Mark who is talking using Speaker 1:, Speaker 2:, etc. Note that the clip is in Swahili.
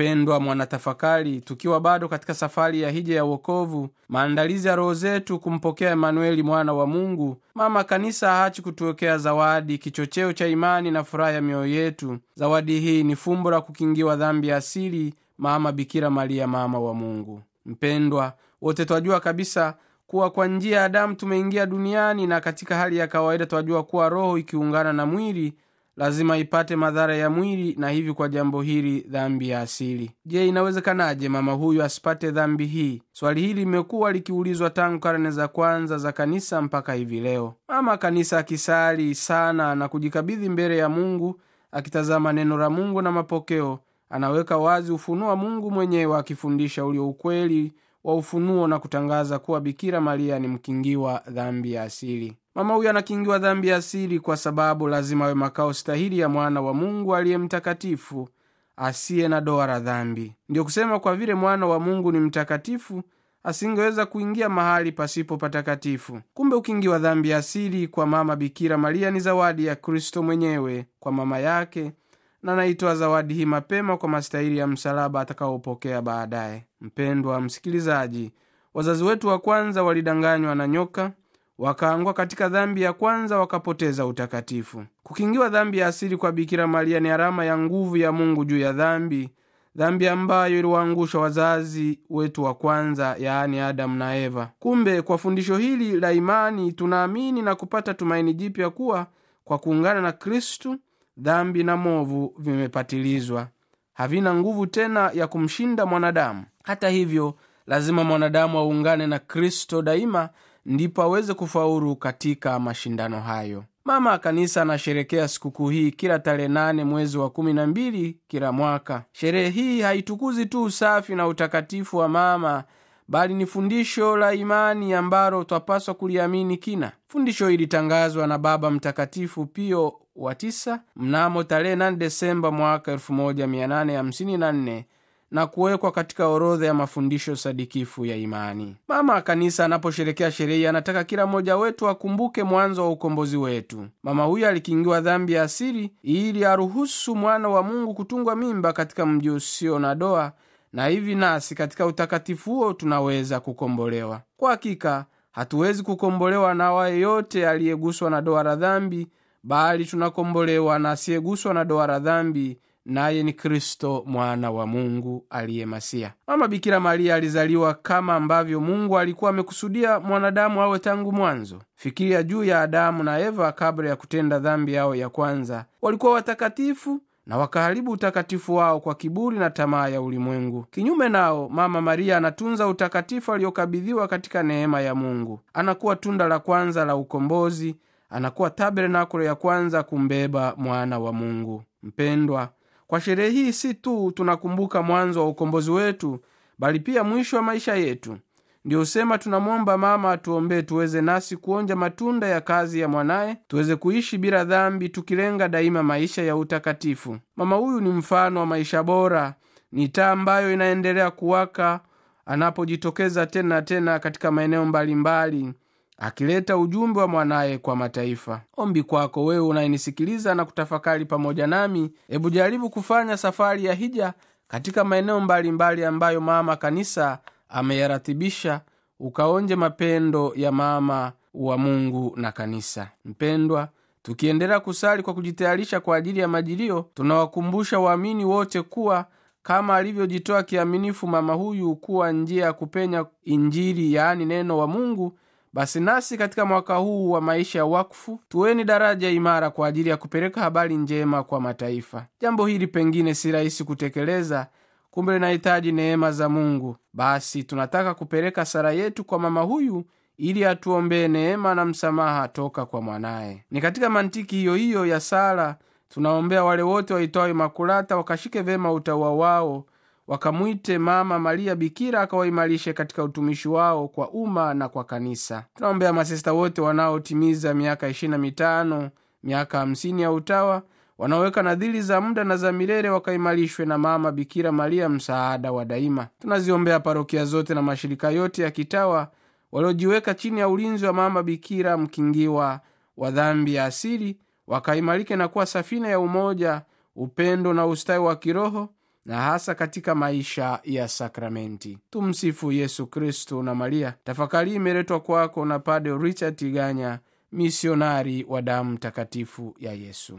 Speaker 1: Mpendwa mwanatafakari, tukiwa bado katika safari ya hija ya wokovu, maandalizi ya roho zetu kumpokea Emanueli mwana wa Mungu, mama kanisa haachi kutuwekea zawadi, kichocheo cha imani na furaha ya mioyo yetu. Zawadi hii ni fumbo la kukingiwa dhambi ya asili, mama Bikira Maria, mama wa Mungu. Mpendwa, wote twajua kabisa kuwa kwa njia ya Adamu tumeingia duniani, na katika hali ya kawaida twajua kuwa roho ikiungana na mwili lazima ipate madhara ya mwili na hivi kwa jambo hili dhambi ya asili. Je, inawezekanaje mama huyu asipate dhambi hii? Swali hili limekuwa likiulizwa tangu karne za kwanza za kanisa mpaka hivi leo. Mama kanisa akisali sana na kujikabidhi mbele ya Mungu, akitazama neno la Mungu na mapokeo, anaweka wazi ufunuo wa Mungu mwenyewe, akifundisha ulio ukweli wa ufunuo na kutangaza kuwa Bikira Maria ni mkingiwa dhambi ya asili mama huyo anakingiwa dhambi ya asili kwa sababu lazima awe makao stahili ya mwana wa mungu aliye mtakatifu asiye na doa la dhambi ndiyo kusema kwa vile mwana wa mungu ni mtakatifu asingeweza kuingia mahali pasipo patakatifu kumbe ukingiwa dhambi ya asili kwa mama bikira maria ni zawadi ya kristo mwenyewe kwa mama yake na naitoa zawadi hii mapema kwa mastahili ya msalaba atakaopokea baadaye mpendwa msikilizaji wazazi wetu wa kwanza walidanganywa na nyoka wakaangwa katika dhambi ya kwanza wakapoteza utakatifu. Kukingiwa dhambi ya asili kwa Bikira Maria ni alama ya nguvu ya Mungu juu ya dhambi, dhambi ambayo iliwaangusha wazazi wetu wa kwanza, yaani Adamu na Eva. Kumbe kwa fundisho hili la imani tunaamini na kupata tumaini jipya kuwa kwa kuungana na Kristu dhambi na movu vimepatilizwa, havina nguvu tena ya kumshinda mwanadamu. Hata hivyo, lazima mwanadamu aungane na Kristo daima ndipo aweze kufaulu katika mashindano hayo. Mama Kanisa anasherekea sikukuu hii kila tarehe nane mwezi wa kumi na mbili kila mwaka. Sherehe hii haitukuzi tu usafi na utakatifu wa mama, bali ni fundisho la imani ambalo twapaswa kuliamini kina. Fundisho ilitangazwa na Baba Mtakatifu Pio wa tisa mnamo tarehe 8 Desemba mwaka 1854 na kuwekwa katika orodha ya mafundisho sadikifu ya imani. Mama Kanisa anaposherekea sherehi, anataka kila mmoja wetu akumbuke mwanzo wa ukombozi wetu. Mama huyo alikingiwa dhambi ya asili ili aruhusu mwana wa Mungu kutungwa mimba katika mji usio na doa, na hivi nasi katika utakatifu huo tunaweza kukombolewa. Kwa hakika hatuwezi kukombolewa na awa yeyote aliyeguswa na doa la dhambi, bali tunakombolewa na asiyeguswa na doa la dhambi naye ni Kristo mwana wa Mungu aliye masiya Mama Bikira Maria alizaliwa kama ambavyo Mungu alikuwa amekusudia mwanadamu awe tangu mwanzo. Fikiria juu ya Adamu na Eva kabla ya kutenda dhambi yao ya kwanza. Walikuwa watakatifu na wakaharibu utakatifu wao kwa kiburi na tamaa ya ulimwengu. Kinyume nao, Mama Maria anatunza utakatifu aliyokabidhiwa katika neema ya Mungu. Anakuwa tunda la kwanza la ukombozi, anakuwa tabernakulo ya kwanza kumbeba mwana wa Mungu. Mpendwa, kwa sherehe hii si tu tunakumbuka mwanzo wa ukombozi wetu bali pia mwisho wa maisha yetu ndiyo sema tunamwomba mama atuombee tuweze nasi kuonja matunda ya kazi ya mwanaye tuweze kuishi bila dhambi tukilenga daima maisha ya utakatifu mama huyu ni mfano wa maisha bora ni taa ambayo inaendelea kuwaka anapojitokeza tena tena katika maeneo mbalimbali mbali akileta ujumbe wa mwanaye kwa mataifa. Ombi kwako wewe unayenisikiliza na kutafakari pamoja nami, hebu jaribu kufanya safari ya hija katika maeneo mbalimbali mbali ambayo mama kanisa ameyaratibisha, ukaonje mapendo ya mama wa Mungu na kanisa. Mpendwa, tukiendelea kusali kwa kujitayarisha kwa ajili ya majilio, tunawakumbusha waamini wote kuwa kama alivyojitoa kiaminifu mama huyu kuwa njia ya kupenya Injili, yaani neno wa Mungu basi nasi katika mwaka huu wa maisha ya wakfu tuweni daraja imara kwa ajili ya kupeleka habari njema kwa mataifa. Jambo hili pengine si rahisi kutekeleza, kumbe linahitaji neema za Mungu. Basi tunataka kupeleka sara yetu kwa mama huyu ili atuombee neema na msamaha toka kwa mwanaye. Ni katika mantiki hiyo hiyo ya sara tunaombea wale wote waitwao makulata wakashike vema utaua wao wakamwite Mama Maria Bikira akawaimarishe katika utumishi wao kwa umma na kwa kanisa. Tunaombea masista wote wanaotimiza miaka 25 miaka 50 ya utawa, wanaoweka nadhiri za muda na za milele wakaimarishwe na Mama Bikira Maria, msaada wa daima. Tunaziombea parokia zote na mashirika yote ya kitawa waliojiweka chini ya ulinzi wa Mama Bikira mkingiwa wa dhambi ya asili, wakaimarike na kuwa safina ya umoja, upendo na ustawi wa kiroho na hasa katika maisha ya sakramenti. Tumsifu Yesu Kristu. Na Maria tafakari imeletwa kwako na Padre Richard iganya misionari wa damu takatifu ya Yesu.